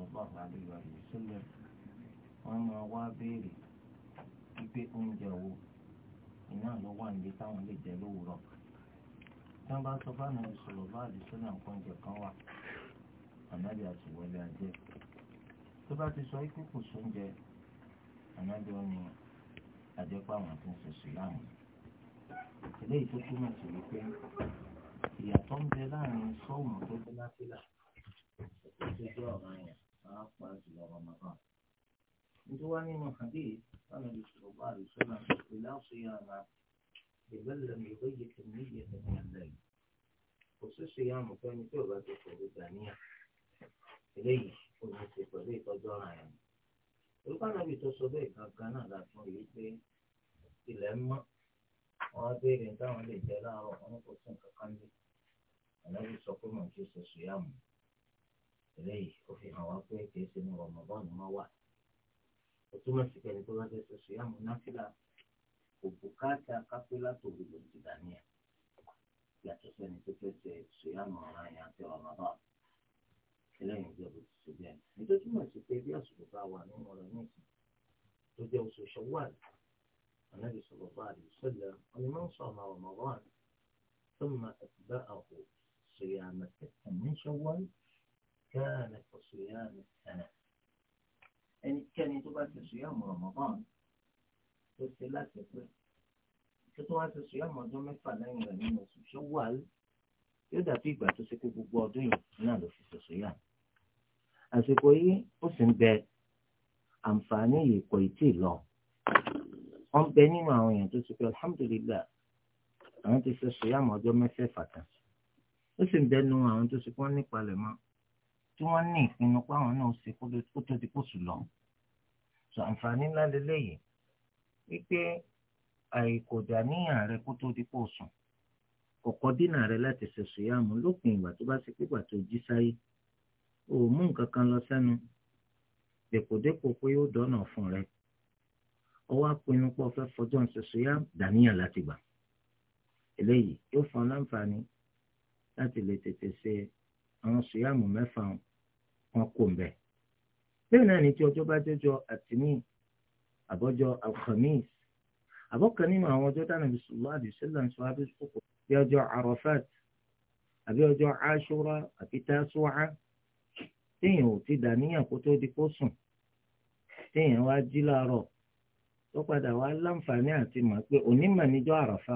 sallallahu alaihi wa sallam wọ́n máa wá béèrè wípé oúnjẹ wo iná ló wà níbi táwọn lè jẹ lówùrọ̀ tí wọ́n bá sọ bá nàbí sallallahu alaihi wa sallam nǹkan oúnjẹ kan wà ànábì àtìwọlé ajẹ tó bá ti sọ ikú kò sóúnjẹ ànábì ọ ni àjẹpá àwọn tó ń ṣe sùlámù eléyìí tó túmọ̀ sí wípé ìyàtọ̀ ń bẹ láàrin sọ́ọ̀mù tó dé láfílà tó jẹ́ ọ̀ràn yẹn pàápàá jùlọ Ramadan. Nítorí wá nínú hadith sọ́nà ìṣòro bá ìpínlẹ̀ na ìbẹ̀lẹ̀ mi ò yẹ kí ní ìyẹn ní ẹ̀lẹ́ yìí. Kò sí ṣèyàmù fẹ́ni tí Eléyìí kò ní ṣe pẹ̀lú ìtọ́jú eléyìí ó fi hàn wá pé kìí ṣe ní Ramadan ni wọ́n wà ó túmọ̀ sí pé ẹni tó bá fẹ́ ṣe sùyàmù náfìlà kò bùkátà kápẹ́lá tó gbogbo ìdìdàníyà yàtọ̀ sẹ́ni tó fẹ́ ṣe sùyàmù ọ̀ràn yẹn àti Ramadan eléyìí jẹ́ bó ti ṣe bẹ́ẹ̀ ni tó túmọ̀ sí pé bí àsìkò bá wà nínú ọ̀rọ̀ ní ìsìn tó jẹ́ النبي صلى الله عليه وسلم ولمن صام رمضان ثم أتبعه صيام ستا من شوال كان كصيام السنة ẹni kẹ́ni tó bá ti sùyà mọ̀ Ramadan tó ṣe láti pé tó tó wá ti sùyà mọ̀ ọdún mẹ́fà lẹ́yìn rẹ̀ nínú oṣù Ṣawwal yóò dàbí ìgbà tó ṣe pé gbogbo ọdún yìí náà ló fi ṣoṣo yà àsìkò yìí ó sì ń bẹ àǹfààní yìí kò tí ì lọ wọn bẹ nínú àwọn èèyàn tó ṣe pé alhamdulilayi àwọn ti ṣe ṣòyàmọ ọjọ́ mẹ́fẹ̀ẹ̀fà kan ó sì ń bẹ nínú àwọn tó ṣe pé wọn nípa rẹ̀ mọ́ tí wọ́n ní ìpinnu pé àwọn náà ṣe kó tó di kó sùn lọ. sọ àǹfààní ńlá lélẹ́yìí wípé àìkòdà níyàn rẹ kó tó di kó sùn kọ̀kọ́ dínà rẹ láti ṣẹ̀ṣù yá mu lópin ìgbà tó bá ṣe pé ìgbà tó jí sáyé o ò mú nǹkan kan lọ sẹ́nu dèpòdépò pé ó dọ́nà fún rẹ ọwọ́ apinnu pọ̀ fẹ́ fọjọ́ ṣẹ̀ṣù yá dàníyàn láti gbà eléyìí yóò fún ọ láǹfààní láti lè tètè ṣe àwọn ṣùyàmù mẹ́fà hàn wọn kò ń bẹ bẹ́ẹ̀ náà ni tí ọjọ́ bá jọjọ àtìmí àbọjọ alhamis àbọkàn nínú àwọn ọjọ́ tí Ànábì sallallahu alaihi wasallam sọ abẹsọkọ bí ọjọ́ arafat àbí ọjọ́ aṣọra àbí tasuwa téèyàn ò ti dàníyàn kó tó di kó sùn téèyàn wá jí láàárọ̀ tó padà wá láǹfààní àti mọ̀ pé onímọ̀ níjọ́ àràfà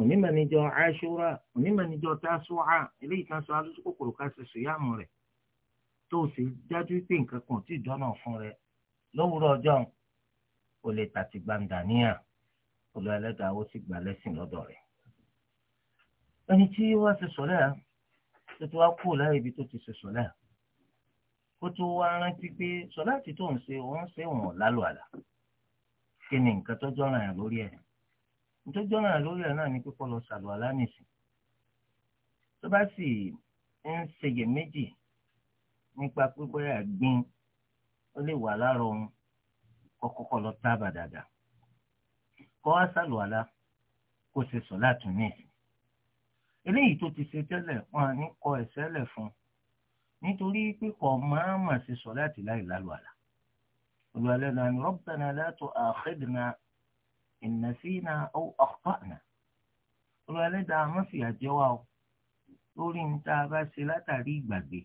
onímọ̀ níjọ́ aṣọra onímọ̀ níjọ́ tasuwa eléyìí kan sọ abẹsọkọ kòrò ká ṣe sùn yá mọ rẹ tó o sì dájú pé nǹkan kan tí ìjọ́nà fún rẹ lówùúrọ̀ ọjọ́ ò lè tàti gbangba níyà olú ẹlẹ́dàá ó sì gbà lẹ́sìn lọ́dọ̀ rẹ̀. ẹni tí wàá ṣe sọ̀lẹ́ à tó tó wá kú láyé ibi tó ti ṣe sọ̀lẹ́ à kó tó wá rántí pé sọ̀lá àti tó ń ṣe òun ṣe òun lálù àlà kí ni nǹkan tó jọ́ràn yàn lórí ẹ̀ tó jọ́ràn yàn lórí ẹ̀ náà ni pípọ́ lọ sàlù nìsín tó bá sì ń ṣèyẹ méjì nípa pé bóyá gbin ó lè wà lára òun kọ́kọ́kọ́ lọ tábà dáadáa kọ́ wá sàlùwàlá kó ṣe sọ láti ní ìsìn eléyìí tó ti ṣe tẹ́lẹ̀ wọn à ní kọ ẹ̀sẹ̀ lẹ̀ fún nítorí pípọ̀ máa mà ṣe sọ láti láì lálùwàlá olùwàlẹ́ náà ni rabbana la tu'akhidna in nasina olùwàlẹ́ dáa má fìyà jẹ wá o lórí ní bá ṣe látàrí ìgbàgbé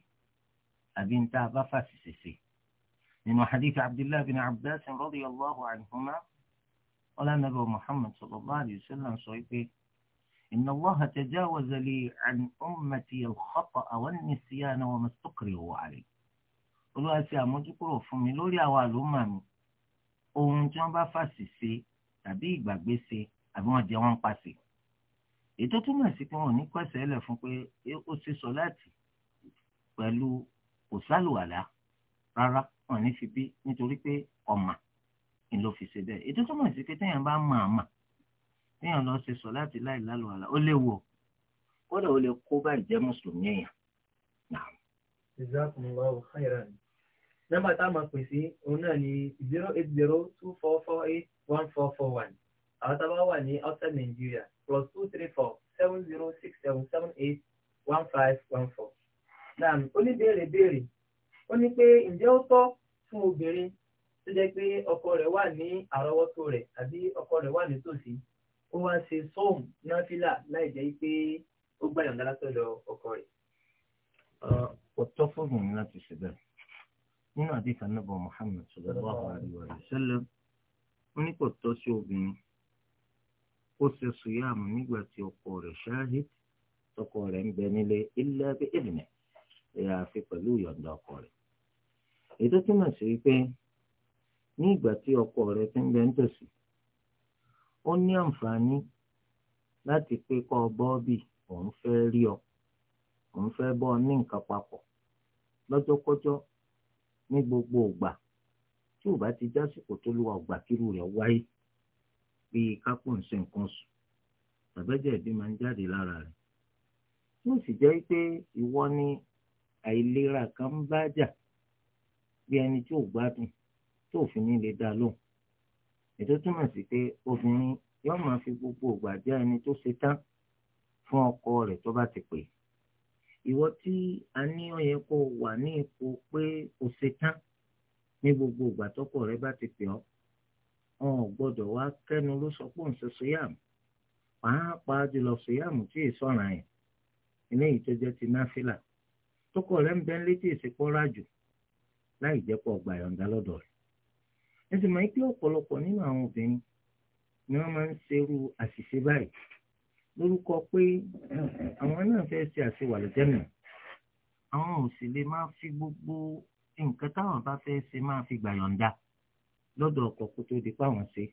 àbí ń tá a bá fàṣìṣe ṣe nínú hadith abdullahi bin abbas radiyallahu anhuma ọlànàbẹ muhammad sallallahu alayhi wa sallam sọ pé inna allaha tajawaza li an ummati al-khata'a wan-nisyana wa mastukrihu alayhi olúwa ṣe àmójúkúrò fún mi lórí àwọn àlùmọ mi ohun tí wọn bá fàṣìṣe tàbí ìgbàgbé ṣe àbí wọn jẹ wọn pàṣẹ ètò túmọ̀ sí pé wọn ò ní pẹ̀sẹ̀ ẹlẹ̀ fún pé ó ṣe sọ láti pẹ̀lú kò sálùwàlá rárá wọn ní fi bí nítorí pé ọmọ ni ló fi ṣe bẹ́ẹ̀ ètò tó mọ̀ sí pé téèyàn bá mọ̀ àmà téèyàn lọ ṣe sọ láti láì lálùwàlá ó léwu o kódà ó lè kó bá ìjẹ́ mùsùlùmí èèyàn. jazakumullahu khairan nọ́mbà tá a máa pè sí òun náà ni zero eight zero two four four eight one four four one àwọn tá a bá wà ní outside Nigeria plus two three four seven zero six seven seven eight one five one four náà oníbèrè béèrè ó ní pé ǹjẹ́ ó tọ́ fún obìnrin tó jẹ́ pé ọkọ rẹ̀ wà ní àrọ́wọ́tó rẹ̀ àbí ọkọ rẹ̀ wà nítòsí ó wá ṣe sọ́ọ̀mù náfìlà láì jẹ́ pé ó gbà yọ̀ǹda látọ̀dọ̀ ọkọ rẹ̀. ó tọ́ fún obìnrin láti ṣe bẹ́ẹ̀ nínú àdìsá nàbọ̀ Muhammad sallallahu alaihi wa sallam ó ní kò tọ́ sí obìnrin ó ṣe sùyàmù nígbà tí ọkọ rẹ̀ ṣááhìd tọkọ rẹ̀ ń bẹ nílé ilé abẹ́ ìbìnrin ẹ̀yà àfi pẹ̀lú ìyọ̀ǹda ọkọ rẹ̀. ètò túmọ̀ sí wípé ní ìgbà tí ọkọ rẹ̀ ti ń bẹ nítòsí ó ní àǹfààní láti pé kọ́ bọ́ọ̀bì òun fẹ́ rí ọ òun fẹ́ bọ́ ọ ní nǹkan papọ̀ lọ́jọ́kọ́jọ́ ní gbogbo ìgbà tí ò bá ti jásìkò tó lu ọgbà kíru rẹ̀ wáyé bíi kápò ń ṣe nǹkan sùn tàbẹ́jẹ̀ bí máa ń jáde lára rẹ̀ yóò sì pé ìwọ ni àìlera kan ń bá jà bí ẹni tí ò gbádùn tí òfin ní lè dá lóhùn ètò túmọ̀ sí pé obìnrin yóò máa fi gbogbo ògbà jẹ́ ẹni tó ṣe tán fún ọkọ rẹ̀ tó bá ti pè ìwọ tí a ní ó yẹ kó wà ní ipò pé o ṣe tán ní gbogbo ìgbà tọkọ rẹ bá ti pè ọ́ wọn ò gbọ́dọ̀ wá kẹ́nu ló sọ pé òun ṣe sọyàmù pàápàá jùlọ sọyàmù tí èso ọ̀ràn yẹn eléyìí tó jẹ́ ti náfìlà tọkọ rẹ ń bẹ létí ìsìnkú rájò láì jẹ́ pọ̀ gba ìyọ̀ǹda lọ́dọ̀ rẹ̀ ẹ sì máa ń pé ọ̀pọ̀lọpọ̀ nínú àwọn obìnrin ni wọ́n máa ń ṣerú àṣìṣe báyìí lórúkọ pé àwọn náà fẹ́ ṣe àṣewàlùjẹ́nà àwọn ò sì lè máa fi gbogbo nǹkan táwọn bá fẹ́ ṣe máa fi gbà yọ̀ǹda lọ́dọ̀ ọkọ kó tó di pa àwọn ṣe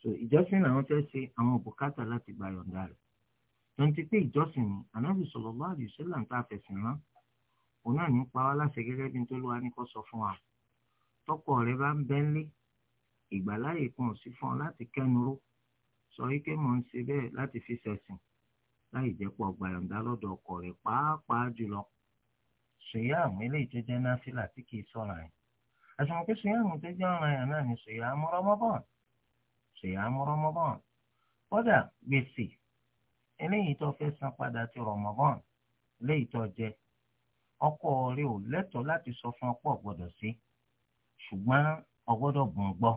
so ìjọsìn làwọn fẹ́ ṣe àwọn bùkátà láti gbà yọ̀ǹda rẹ̀ tó pé ìjọsìn ni ànábì sallallahu alaihi wasallam tá rán òun náà ní pa wá láṣẹ gẹ́gẹ́ bí n tó lọ́wọ́ ní kó sọ fún wa tọkọ rẹ bá ń bẹ́ńlé ìgbàláyè kan ò sí fún ọ láti kẹnuró sọ wípé mò ń ṣe bẹ́ẹ̀ láti fi ṣẹ̀sìn láì jẹ́ pọ̀ gbàyànjá lọ́dọ̀ ọkọ rẹ̀ pàápàá jùlọ ṣèyáàmù eléyìí tó jẹ́ náfìlà tí kìí sọ̀rọ̀ yẹn àṣùwọ̀n pé ṣèyáàmù tó jẹ́ ọ̀ràn yẹn náà ni ṣèyáàmù rọmọbọ̀n ṣèyáàmù rọmọbọ̀n kódà gbèsè eléyìí tó fẹ́ san padà ti rọmọbọ̀n eléyìí tó jẹ ọkọ rẹ ò lẹ́tọ̀ọ́ láti sọ fún ọpọ gbọ́dọ̀ sí ṣùgbọ́n ọgbọ́dọ̀ gbọn gbọ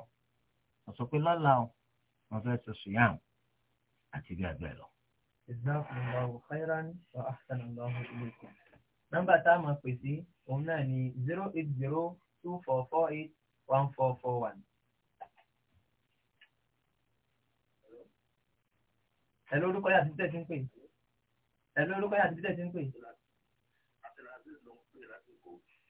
ọsọ pé lọ́la o wọn fẹ́ẹ́ sọ sùyàn àti bí abẹ lọ. jazakumullahu khairan wa ahsanallahu ilaykum. nọ́mbà tá a máa pè sí òun náà ni zero eight zero two four four eight one four four one. ẹ lórúkọ yàtí tẹ̀ sí ń pè. ẹ lórúkọ yàtí tẹ̀ ń pè.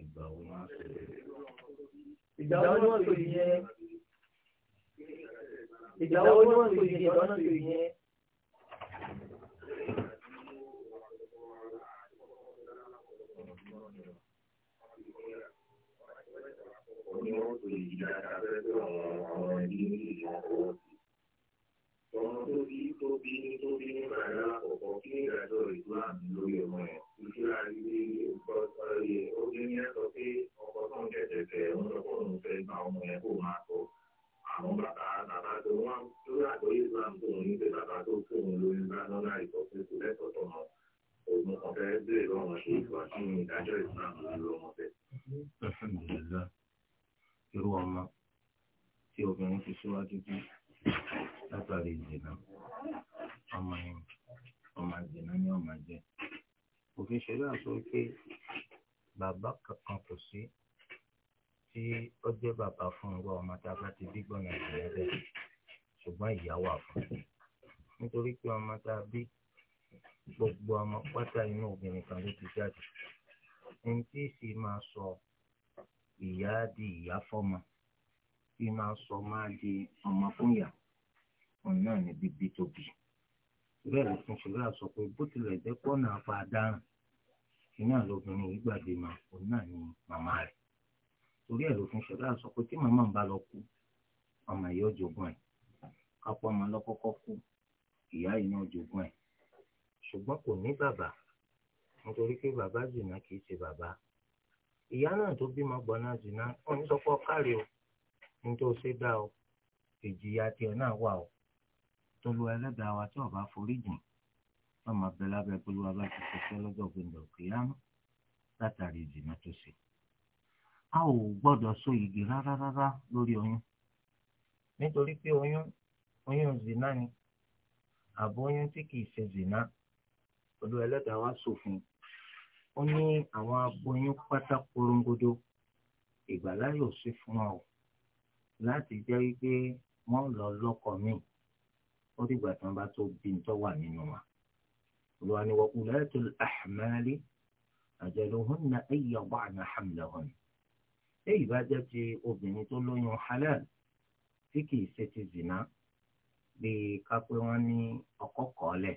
ìgbà wo ni wọ́n pè yẹn ìgbà wo ni wọ́n pè pè yẹn ọmọ tó bí tó bí tó bí nípa ẹ̀rọ àkọ́kọ́ kí ní ìdájọ́ ìsúlámù lórí ọmọ ẹ̀ títí láti rí ọkọ ẹ̀ ó dé ní ẹ̀sọ́ pé ọkọ tó ń tẹ̀tẹ̀tẹ̀ ń sọ pé òun fẹ́ gba ọmọ ẹ̀ kó máa sọ àwọn bàbá bàbá tó wọn lórí àjọ ìsúlámù tó ń ní pé bàbá tó fún un lórí bá lọ́la ìtọ́sí kò lẹ́tọ̀ọ́ tọ́mọ òun kan fẹ́ bẹ̀rẹ̀ lọ́mọ ṣe ìfọ̀ kí ní ìdájọ́ ìsúlámù lórí ọmọ fẹ́. alhamdulillah irú ọmọ tí obìnrin fi síwájú bíi látàrí ìdènà ọmọ yẹn ọmọ ìdènà ni ọmọ jẹ òfin ṣẹlẹ̀ àti wípé bàbá kankan kò sí tí ó jẹ bàbá fún ọgbà ọmọ tá a bá ti bí gbọnà ìdènà bẹ́ẹ̀ ṣùgbọ́n ìyá wà fún nítorí pé ọmọ tá a bí gbogbo ọmọ pátá inú obìnrin kan ló ti jáde ẹni tí sì máa sọ ìyá di ìyá fọ́mọ tí máa sọ máa di ọmọ fún yà òun náà ní bíbí tóbi ìwé ìrìnsìn ṣùgbọ́n sọ pé bó tilẹ̀ jẹ́ pọ́nà apá dáhùn iná lóbìnrin yìí gbàgbé ma òun náà ní màmá rẹ̀ torí ẹ̀ lófin ṣùgbọ́n sọ pé tí màmá ń bá lọ kú ọmọ yìí ó jogún ẹ̀ kápọ́ ọmọ lọ́kọ́kọ́ kú ìyá yìí náà ẹ̀ ṣùgbọ́n kò ní bàbá nítorí pé bàbá zina kì í ṣe bàbá ìyá náà tó bímọ gbọ́ná zina wọn ní sọ pé ọkàrí o nítorí ó ṣe dá o ìjìyà tiẹ̀ náà wà o tó lu ẹlẹ́dàá wa tí ọba foríjì wọn máa bẹ lábẹ́ pẹ̀lú wa bá ti ṣiṣẹ́ lọ́jọ́ gbẹ̀ndọ̀ kìlámù látàrí ìdìnnà tó ṣe. a ò gbọ́dọ̀ so igi rárá rárá lórí oyún nítorí pé oyún oyún zina ni àbọ̀ oyún tí kìí ṣe zina pẹ̀lú ẹlẹ́dàá wa sòfin ó ní àwọn aboyún pátá korongodo ìgbàláyò sí fún wa o láti jẹ́ wípé wọ́n lọ lọ́kọ míì ó dìgbà tí wọ́n bá tó bí ń tọ́ wà nínú wa. olùwà ni wọ́n kúlẹ̀ tó àmàlí ajaluhunna an yada'na hamlahun. èyí bá jẹ́ ti obìnrin tó lóyún halal tí kì í ṣe ti zina bíi kápẹ́ wọn ní ọkọ kọ́ọ̀lẹ̀.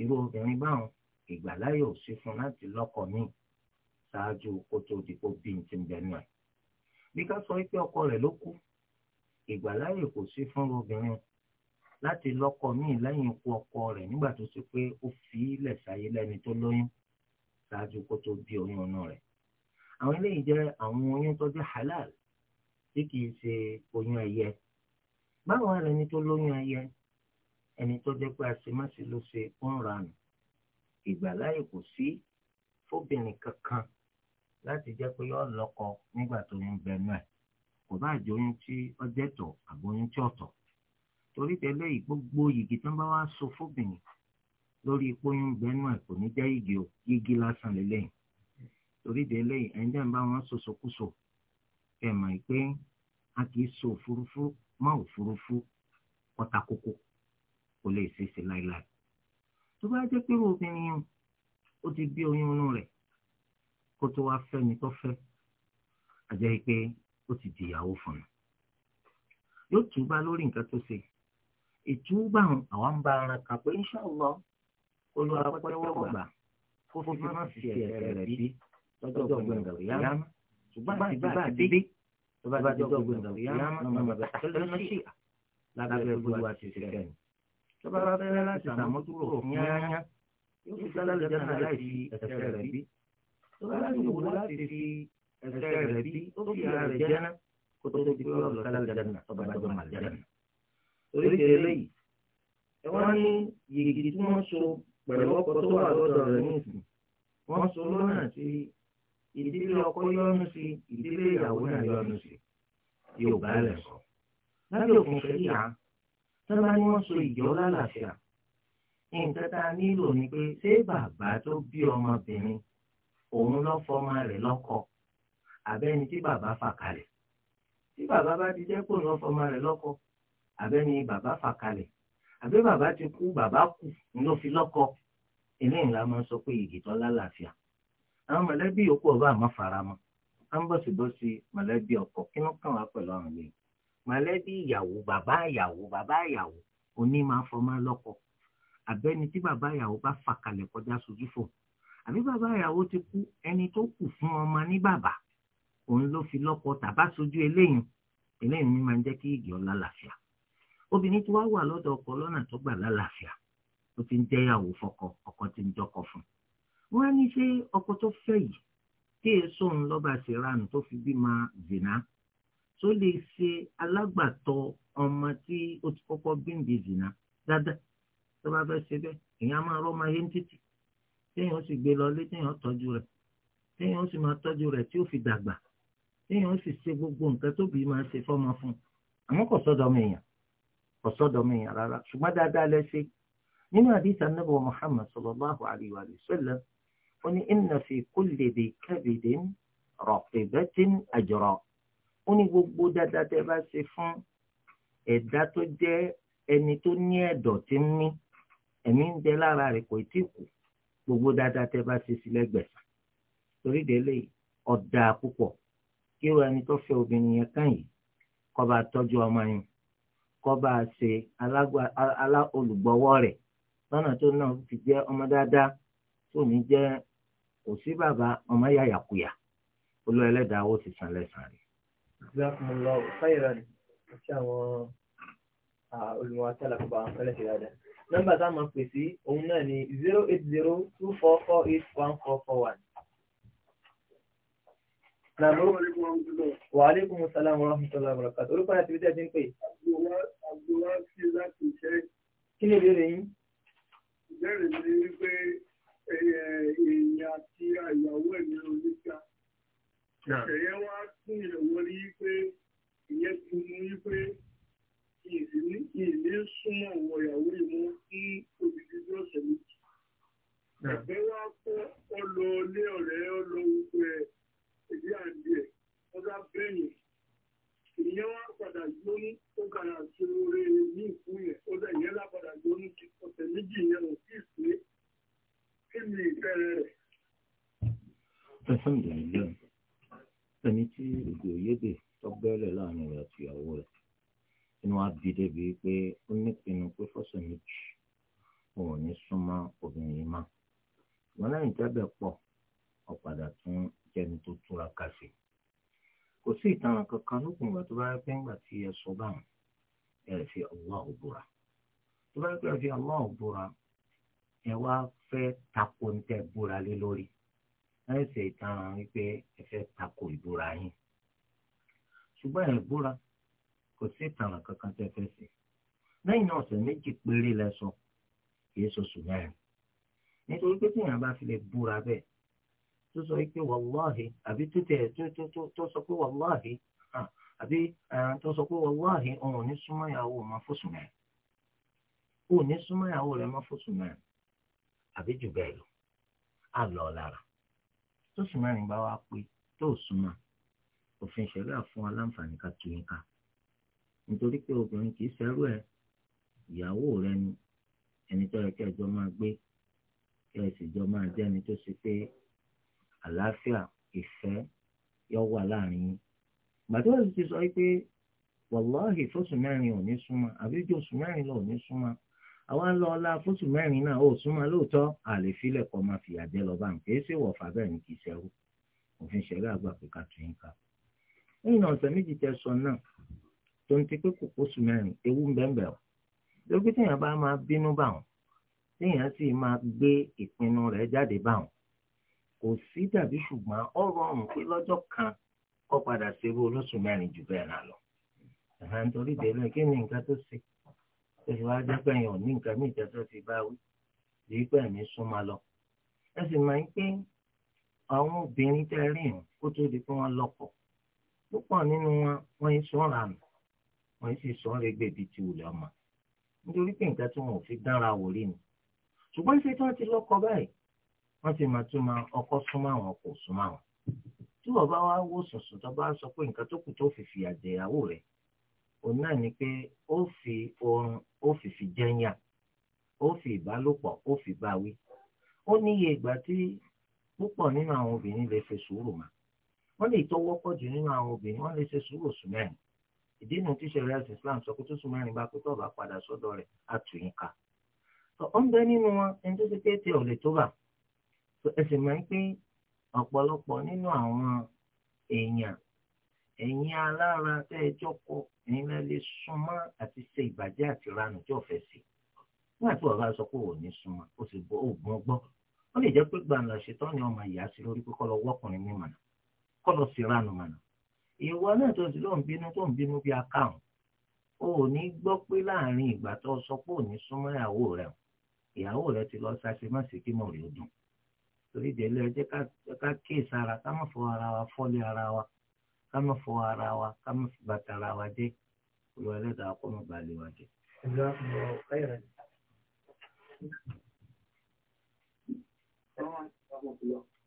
irú obìnrin báwọn ìgbàláyò sí fún láti lọ́kọ míì ṣáájú kó tó bí ń ti bẹ̀rù ẹ̀ bí ká sọ pé ọkọ rẹ̀ ló kú ìgbàláyè kò sí fún obìnrin láti lọ́kọ míì lẹ́yìn ikú ọkọ rẹ̀ nígbà tó ṣe pé ó fi ilẹ̀ sáyé lẹ́ni tó lóyún ṣáájú kó tó bí oyún inú rẹ̀ àwọn eléyìí jẹ́ àwọn oyún tó jẹ́ halal tí kìí ṣe oyún ẹyẹ báwo ara ẹni tó lóyún ẹyẹ ẹni tó jẹ́ pé àṣemáṣe ló ṣe ń ranù ìgbàláyè kò sí fóbìnrin kankan láti jẹ́ pé yọ lọ́kọ nígbà tó ń bẹ náà kò bá jẹ́ oyún tí ọjẹ́ tọ̀ àbí oyún tí ọ̀tọ̀ torí tẹ́lẹ̀ yìí gbogbo yìgì tó ń bá wá so fóbìnrin lórí ipò oyún bẹ náà kò ní jẹ́ yìgì o yìgì lásán lélẹ́yìn torí tẹ́lẹ̀ yìí ẹni dẹ́n bá wọn sosokuso ẹ̀ mọ̀ pé a kì í so òfurufú mọ́ òfurufú kọ́takókó kò lè ṣeéṣe láéláé tó bá jẹ́ pé obìnrin yẹn ti bí oyún inú rẹ̀ kó tó wá fẹ́ ni tó fẹ́ àjẹ́ pé ó ti dìyàwó fún un yóò túbá lórí nǹkan tó ṣe ìtúbà àwa ń bá ara kà pé inṣàlọ olùwàpẹ́wọ́gbà kó fi má fi ẹ̀rẹ̀ rẹ̀ bí lọ́jọ́ gbẹ̀ngàn ìyá ṣùgbọ́n àti bá àti bí tó bá dọ́jọ́ gbẹ̀ngàn ìyá ọmọ bàbá àtẹ́lẹ́mọ́ sí à lábẹ́ olúwa ti ṣe fẹ́ ni. tó bá bá fẹ́ láti sàmójúrò fún yányá yóò fi sálẹ̀ lẹ́nu láì fi ẹ̀sẹ̀ rẹ̀ bí tó bá láti wò láti fi ẹsẹ̀ rẹ̀ bí ó fi ara rẹ̀ jẹ́nà kó tó ti pé ọ̀lọ́ sálàjàdùn ọba àjọ màjàdùn. oríṣi eléyìí ẹ wá ní yìgì tí wọ́n so pẹ̀lú ọkọ tó wà lọ́dọ̀ rẹ̀ ní ìsìn wọ́n so lọ́nà sí ìdílé ọkọ yọ́nú sí ìdílé ìyàwó náà yọ́nú sí yóò bá lẹ̀ sọ. lábẹ́ òfin ṣẹ̀yà sábà ni wọ́n so ìjọ lálàáfíà nǹkan tá a nílò ni pé ṣé bàbá tó bí ọmọbìnrin òun lọ fọmọ rẹ̀ lọ́kọ àbẹ́ni tí bàbá fà kalẹ̀ tí bàbá bá ti jẹ́ kó lọ fọmọ rẹ̀ lọ́kọ àbẹ́ni bàbá fà kalẹ̀ àbí bàbá ti kú bàbá kú ló fi lọ́kọ eléyìí la máa ń sọ pé ìgì tọ́lá làáfíà àwọn mọ̀lẹ́bí yòókù ọba àmọ́ faramọ́ à ń bọ̀sibọ́sí mọ̀lẹ́bí ọkọ kí wọ́n kàn wá pẹ̀lú àwọn mi mọ̀lẹ́bí ìyàwó bàbá ìyàwó bàbá ìyàwó oní máa fọmọ lọ́kọ àbẹ́ni tí bàbá ìyàwó bá fà kalẹ̀ kọjá sojú fò àbí bàbá ìyàwó ti kú ẹni tó kù fún ọmọ ní bàbá òun ló fi lọ́kọ tàbá sojú eléyìn eléyìn ni máa ń jẹ́ kí ìgì ọ̀la làáfíà obìnrin tí wàá wà lọ́dọ̀ ọkọ lọ́nà tó gbà lálàáfíà ó ti ń jẹ́yàwó fọkọ ọkọ ti ń jọkọ fún un wọ́n á ní ṣé ọkọ tó fẹ́ yìí kí èso òun lọ́ba ṣèrànù tó fi bímọ zina tó lè ṣe alágbàtọ́ ọmọ tí ó ti kọ́kọ́ bíǹdì zina dáadáa tó bá fẹ́ ṣe bẹ́ẹ̀ téèyàn sì gbé lọlé téèyàn tọ́jú rẹ̀ téèyàn sì máa tọ́jú rẹ̀ tí ó fi dàgbà téèyàn sì ṣe gbogbo nǹkan tóbi máa ṣe fọ́mọ fún àmọ́ kò sọ́dọ̀ mi èèyàn kò sọ́dọ̀ mi èèyàn rárá ṣùgbọ́n dáadáa lẹ ṣe nínú àdìsá nàbọ Muhammad sallallahu alayhi wa sallam ó ní inna fi kulli dhi kabidin raqibatin ajra ó ní gbogbo dáadáa tẹ bá ṣe fún ẹ̀dá tó jẹ́ ẹni tó ní ẹ̀dọ̀ tí ń mí ẹ̀mí ń bẹ lára rẹ̀ kò tí kù gbogbo dáadáa tẹ́ bá ṣe sí lẹ́gbẹ̀sán torí délé ọ̀dà púpọ̀ kí irú ẹni tó fẹ́ obìnrin yẹn kàn yìí kó bá tọ́jú ọmọ yẹn kó bá ṣe olùgbọ́wọ́ rẹ̀ lọ́nà tó náà fi jẹ́ ọmọ dáadáa tó ní jẹ́ kò sí bàbá ọmọ yàyàkuyà olú ẹlẹ́dàá ó ti san lẹ́sàn-án rẹ̀. ìgbàkùnmọ̀ lọ fáyìrán àti àwọn olùmọ̀ àtàlàkùbà fẹ́lẹ́ ṣe dáadáa nọ́mbà tá a máa pè òun náà ni zero eight zero two four four eight one four four one. Nàbó wa aleykum salaam wa rahmatullahi wa barakatuh. Orúkọ àti bíjẹ́ ti ń pè. Abdulwasi láti ṣe. Kí ni ìbéèrè yín? Ìbéèrè mi ni pé èèyàn àti àyàwó ẹ̀mí oníkà. Ìṣẹ̀yẹ́ wá fún ìyẹ̀wò rí pé ìyẹn ti mú wípé ìlú ìlú súnmọ́ àwọn ìyàwó ìmú ní òbíbí ọ̀sẹ̀ méjì. ẹgbẹ́ wa kọ́ ọlọ ilé ọ̀rẹ́ ọlọ gbogbo ẹ̀ èyí àǹdí ẹ̀ ọ̀gá bẹ́yìn. ìyẹn wá padà gbóní ó kàrà sí orí ní ìfún yẹn ó dẹ̀ yẹn lápadà gbóní ọ̀sẹ̀ méjì yẹn ò kí ìpè kí ni ìfẹ́ rẹ̀. alhamdulilayi ẹni tí ògùn òyebè tọgbẹ́rẹ̀ láàrin rẹ̀ àtìyàwó rẹ̀ inú wa bí débi pé ó nípinnu pé fọ́sẹ̀ méjì òun ò ní súnmọ́ obìnrin yìí mọ́ wọn lẹ́yìn jábẹ̀ pọ̀ ọ̀padà tún jẹni tó túra ká sí kò sí ìtàn kankan lókun ìgbà tó bá yẹ pé ńgbà tí ẹ sọ báwọn ẹ fi Allah búra tó bá yẹ pé ẹ fi Allah búra ẹ wá fẹ́ tako ń tẹ lé lórí ẹ ṣe ìtàn wípé ẹ fẹ́ tako ìbúra yín ṣùgbọ́n ẹ búra. kò sí ìtàn kankan tẹ fẹ́ sí lẹ́yìn náà ọ̀sẹ̀ méjì péré lẹ́sọ kìí ṣoṣù mẹ́rin nítorí pé tíyàn bá fi lè búra bẹ́ẹ̀ tó sọ pé wàláhì àbí tó sọ pé wàláhì àbí tó sọ pé wàláhì òun ò ní ìyàwó òun ò ní ìyàwó tó bá wá pé nítorí pé obìnrin kì í ṣerú ẹ̀ ìyàwó rẹ ni ẹni tó yẹ kí ẹjọ́ máa gbé kí ẹ sì jọ máa jẹ́ ẹni tó ṣe pé àlàáfíà ìfẹ́ yóò wà láàrin yín. gbàdúrà sì ti sọ pé wàláhì fóṣù mẹ́rin ò ní súnmọ́ àbí ju oṣù mẹ́rin lọ ò ní súnmọ́ àwa ń lọ ọlá fóṣù mẹ́rin náà ó súnmọ́ lóòótọ́ àlè filẹ̀ kọ́ máa fìyà jẹ lọ́ba nǹkan èsì wọ̀fà bẹ́ẹ̀ ni kì í ṣerú òfin ṣẹ̀rí àgbà pé ká tún yín ká. lẹ́yìn ọ̀sẹ̀ méjì tẹ sọ náà tó ń ti pé kò kóṣù mẹ́rin ewu ń bẹ́ẹ̀ o lórí téèyàn bá máa bínú bá wọn téèyàn sì máa gbé ìpinnu rẹ̀ jáde bá wọn kò sí dàbí ṣùgbọ́n ó rọrùn pé lọ́jọ́ kan kó padà ṣerú olóṣù mẹ́rin jù bẹ́ẹ̀ náà lọ ẹ̀ka nítorí délé kí ni nǹkan tó ṣe oṣù wa jẹ́ pé èèyàn ní nǹkan ti bá wí èyí pé ẹ̀mí súnmọ́ lọ ẹ sì máa ń pé àwọn obìnrin tẹ́ rí hàn kó tó di pé wọ́n lọ́kọ púpọ̀ nínú wọn wọ́n ń sọ̀rọ̀ àná wọ́n sì sọ ọ́n lè gbé ibi tí wùlẹ̀ ọmọ nítorí pé nǹkan tí wọ́n fi dára wò rí ni ṣùgbọ́n ṣe tí wọ́n ti lọ́kọ báyìí wọ́n ti máa tún máa ọkọ súnmọ́ àwọn súnmọ́ àwọn tí wọ́n bá wá wò sùnsùn tó bá sọ pé nǹkan tó tó fi fìyà jẹ ìyàwó rẹ̀ òun náà ni pé ó fi oorun ó fi fi jẹ́yà ó fi ìbálòpọ̀ ó fi báwí ó níye ìgbà tí púpọ̀ nínú àwọn obìnrin lè sùúrù mà wọ́n ìdí nu tí sẹ̀rẹ̀ ẹ̀sìn Islam sọ pé tó sùn mẹ́rin bá pé tó bá padà sọ́dọ̀ rẹ̀ á tù yín ká. ó ń bẹ nínú wọn ẹni tó ti pé tí ò lè tó bà ẹsìn máa ń pín ọ̀pọ̀lọpọ̀ nínú àwọn èèyàn ẹ̀yin alára tẹ́ ẹ jọ́kọ ẹ̀yin lẹ́ lè súnmọ́ àti ṣe ìbàjẹ́ àti ranù tí ọ̀fẹ́ sí nígbà tí ọ̀gá sọ pé ò ní súnmọ́ ó sì bọ́ ògùn ọgbọ́n ó lè jẹ́ pé gbàǹdà ṣetán ni ọmọ ìyá ìwọ náà tó ti ló ń bínú tó ń bínú bí akáhùn o ò ní gbọ́ pé láàrin ìgbà tó sọ pé ò ní súnmọ́ ìyàwó rẹ ìyàwó rẹ ti lọ ṣàṣe má sì kí mọ̀ rí o dùn torí délé ẹ ká kíyèsí ara ká má fọ ara wa fọ́lé ara wa ká má fọ ara wa ká má fi bàtà ara wa jẹ́ olùwà ẹlẹ́dàá kọ́ balẹ̀ wa jẹ́.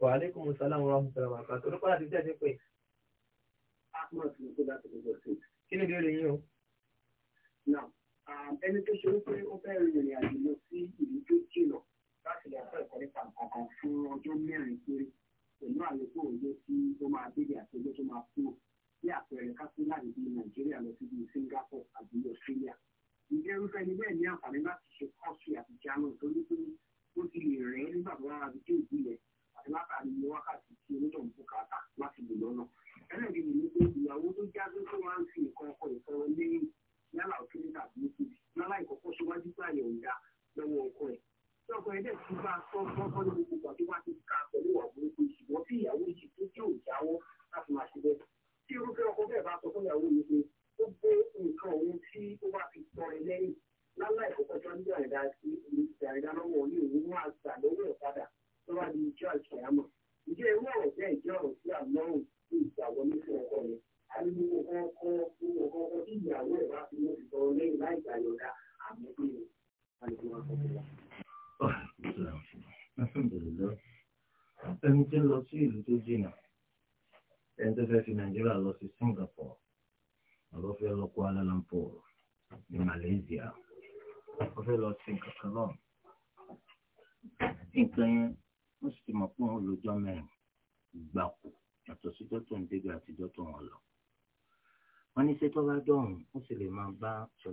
Wa alaikum salaam wa wa barakatuh. Olúkọ́lá ti jẹ́ ẹ̀jẹ̀ pé. Ahmad ló láti gbogbo sí. Kí ni ìbéèrè yín o? Now, um, ẹni tó ṣe wípé ó fẹ́ rin ìrìn àjò lọ sí ìlú tó jìnà láti lọ fẹ́ ẹ̀kọ́ nípa nǹkan kan fún ọjọ́ mẹ́rin péré pẹ̀lú àlékún òye tí ó máa bèèrè àti ọjọ́ tó máa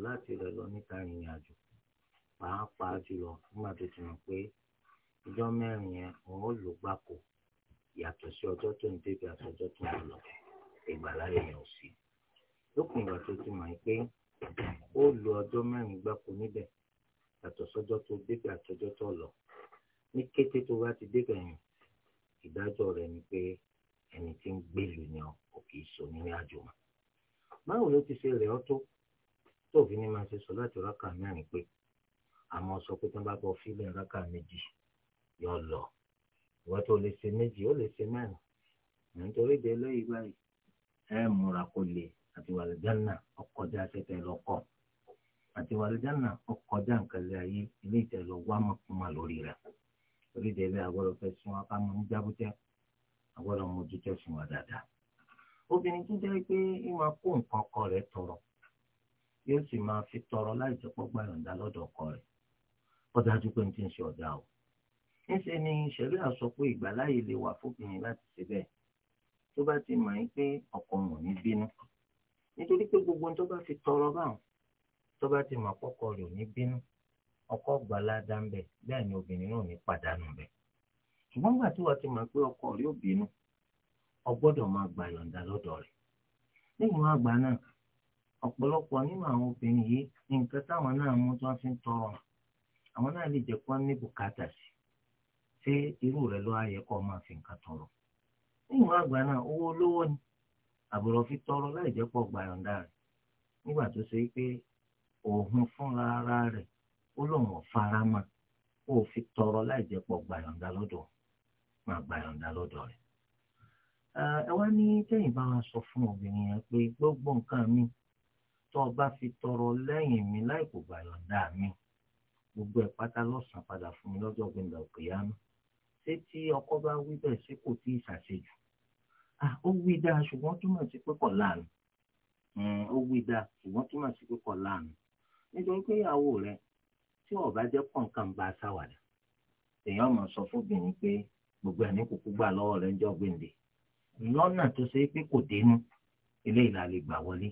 láti rẹ̀ lọ níta ìrìn àjò pàápàá jùlọ nígbà tó ti mọ̀ pé ọjọ́ mẹ́rin yẹn òun ó lò gbáko yàtọ̀ sí ọjọ́ tó ń débi àtọjọ́ tó ń lọ ìgbàláyè yẹn ò sí lópin ìgbà tó ti mọ̀ pé ó lo ọjọ́ mẹ́rin gbáko níbẹ̀ yàtọ̀ sọ́jọ́ tó débi àtọjọ́ tó lọ ní kété tó bá ti débẹ̀ yẹn ìdájọ́ rẹ̀ ni pé ẹni tí ń gbèlú ni ọ kò kì í so nílé àjò mọ́ báwo ló ti ṣe rẹ̀ ọ́ tó tó fi ní máa ṣe sọ láti rákà mẹ́rin pé àmọ́ sọ pé tí wọ́n bá bọ́ fílẹ̀ rákà méjì yọ lọ ìwọ tó lè ṣe méjì ó lè ṣe mẹ́rin nítorí de lẹ́yìn báyìí ẹ múra kó lè àti wàlúùjánà ọkọjá ṣẹtẹ lọkọ àti wàlúùjánà ọkọjá nkàlẹ ayé ilé ìtẹlọ wà mọkùnmá lórí rẹ torí de lẹ agbọ́dọ̀ fẹ́ sún apá mọ ní jábútẹ agbọ́dọ̀ mójútó sún wa dáadáa obìnrin tó jẹ́ pé ìmọ̀ kó nǹkan ọkọ rẹ̀ tọrọ yóò sì máa fi tọrọ láì jẹ́ pọ́ gbàyànjá lọ́dọ̀ ọkọ rẹ̀ ó dájú pé n ti ń ṣe ọ̀dà o níṣẹ́ ni ìṣẹ̀lẹ̀ àsọ pé ìgbàláyè lè wà fóbìnrin láti ṣe bẹ́ẹ̀ tó bá ti mọ̀ ẹ́ pé ọkọ wọn ní bínú nítorí pé gbogbo tó bá fi tọrọ báwọn tó bá ti mọ̀ pọ́kọ rẹ̀ ò ní bínú ọkọ gbàládá ń bẹ̀ bẹ́ẹ̀ ni obìnrin náà ní pàdánù bẹ̀ ṣùgbọ́n gbà tí wọ́n ti mọ̀ pé ọkọ rẹ̀ ò bínú o gbọ́dọ̀ máa gbàyànjá lọ́dọ̀ rẹ̀ nígbà wọn àgbà ọ̀pọ̀lọpọ̀ nínú àwọn obìnrin yìí ní nǹkan táwọn náà mú tí wọ́n fi ń tọrọ àwọn náà lè jẹ́ pọ́n ní bùkátà sí ṣé irú rẹ̀ ló ayẹ kọ́ fi nǹkan tọrọ. níwọ̀n àgbà náà owó olówó ni àbúrò fi tọrọ láì jẹ́ pọ̀ rẹ̀ nígbà tó ṣe pé òun fúnra ara rẹ̀ ó fara fi tọrọ láì jẹ́ pọ̀ lọ́dọ̀ máa lọ́dọ̀ wá ní kẹ́yìn bá wa sọ fún obìnrin tó o bá fi tọrọ lẹ́yìn mi láì kò gbà yọ̀ǹda mi gbogbo ẹ̀ pátá lọ́sàn-án padà fún mi lọ́jọ́ gbẹ̀ngà òkèèyàmù ṣé tí ọkọ bá wí bẹ́ẹ̀ ṣé kò tí ì ṣàṣejù ó wí dáa ṣùgbọ́n túmọ̀ sí pé kọ̀ láàánú hmm, ó wí dáa ṣùgbọ́n túmọ̀ sí pé kọ̀ láàánú nítorí pé ìyàwó rẹ tí o bá jẹ́ pọ̀nkan bá a ṣàwàdà èèyàn mọ̀ sọ fóbìnrin pé gbogbo ẹni kúkú gbà lọ́wọ́ rẹ ń jọ gbèǹde lọ́nà tó ṣe pé kò dénú ilé ìlàlẹ̀ gbà wọlé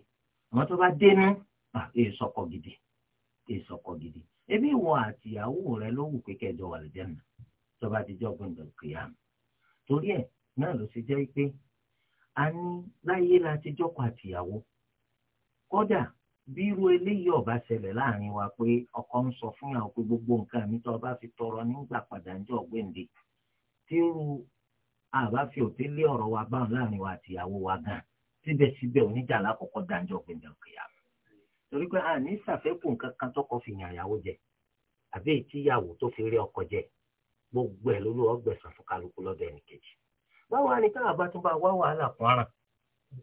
àwọn tó bá dénú èè sọkọ gidi èè sọkọ gidi ebi ìwọ àti ìyàwó rẹ ló wù pé kẹjọ wà lẹjẹ nà tó bá ti jẹ ọgbìn dọkìá torí ẹ náà ló ṣe jẹ pé a ní láyé la ti jọkọ àti ìyàwó kódà bí irú eléyìí ọba ṣẹlẹ̀ láàrin wa pé ọkọ ń sọ fún yàwó pé gbogbo nǹkan mi tó bá fi tọrọ nígbà padà ń jẹ ọgbẹ́ǹde tí irú àbá fi òtí lé ọ̀rọ̀ wa báwọn láàrin wa àti wa gan síbẹ̀síbẹ̀ oníjà alákọ̀ọ́kọ́ dáńjọ́ gbẹ̀ndẹ̀kìyà torí pé a ní ku kankan tọkọ fi yàn àyàwó jẹ àbí ìtìyàwó tó fi rí ọkọ jẹ gbogbo ẹ̀ lólu ọgbẹ̀sán fún kálukú lọ́dọ̀ ẹnì kejì báwo ni káwọn bá tún bá wá wàhálà kan ara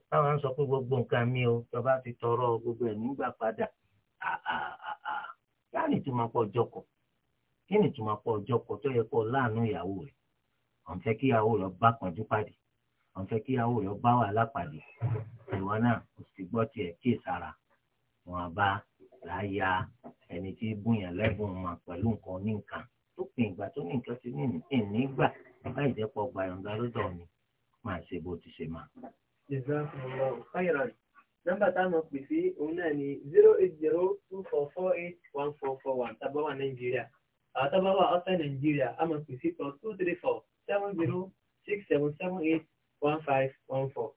táwọn ń sọ pé gbogbo nǹkan mi o tọba ti tọrọ gbogbo ẹ̀ nígbà padà kí ni pọ̀ ọjọ́ kọ kọ tó yẹ kó láàánú ìyàwó rẹ̀ wọn fẹ́ kí ìyàwó rẹ̀ bá wà lápàdé ìwọ náà o sì gbọ́ tiẹ̀ kí ìsara wọn bá láyà ẹni tí bùnyàn lẹ́bùn ma pẹ̀lú nǹkan oníǹkan tó pin ìgbà tó ní nǹkan ti ní ìní gbà láì jẹ́ pọ̀ gba ìyọ̀ǹda lọ́dọ̀ mi máa ṣe bó ti ṣe máa. nọ́mbà táwọn pè sí òun náà ni zero eight zero two four four eight one four four one tabawa wà nàìjíríà àwọn tábọ̀ wà outside nàìjíríà a máa pè sí plus two three four seven zero six seven seven eight one five one four.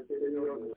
Thank you.